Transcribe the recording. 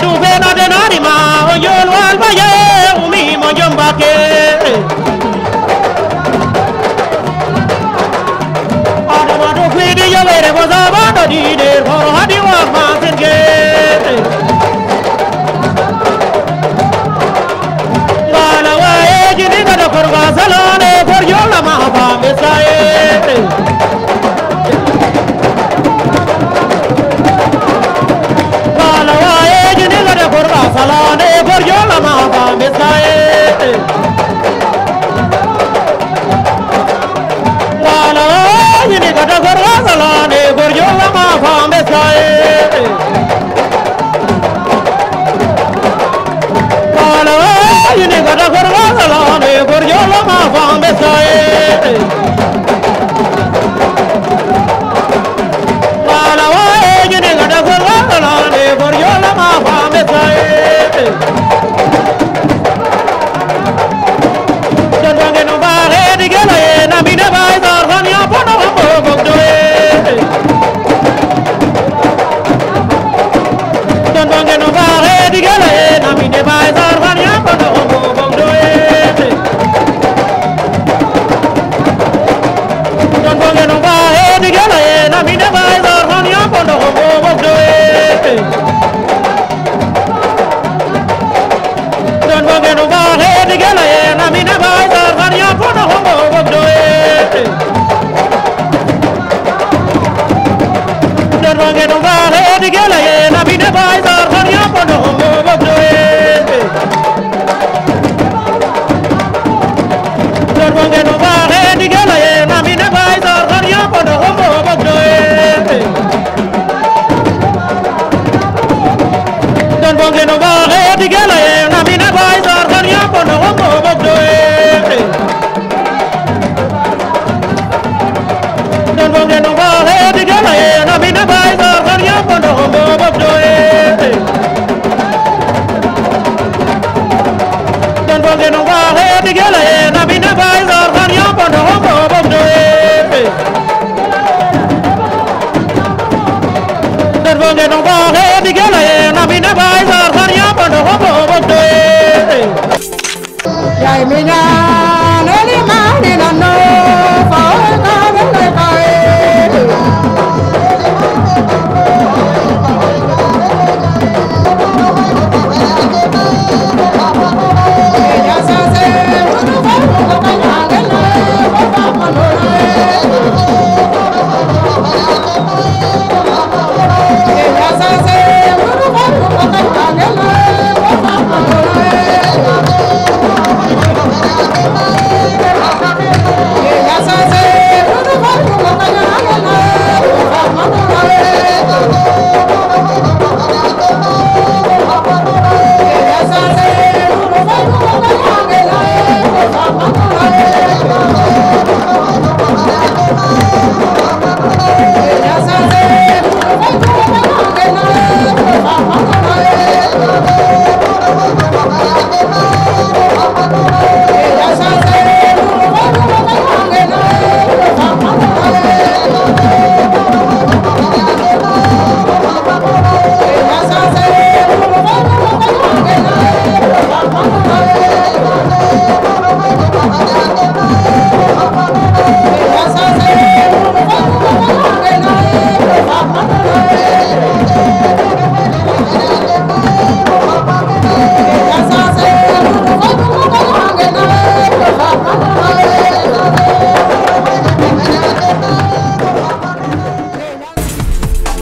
Dubena de Narima Oyolo al Valle Umi Moyombake Adama Dukwidi Yowere Bozabano Dide Miguel, de no goxe ndigelo ye na mine bay sar sar yamba ndoxo bobo doye yaay mi ñaa